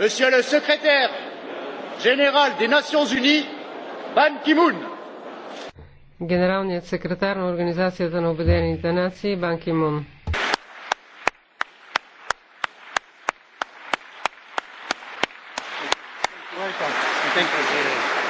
Monsieur le secrétaire général des Nations Unies, ban ki moon Генералният секретар на Организацията на Обединените нации Бан Кимун. Thank you.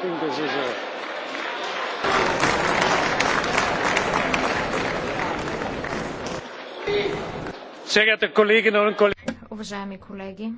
acting decision. Уважаеми колеги,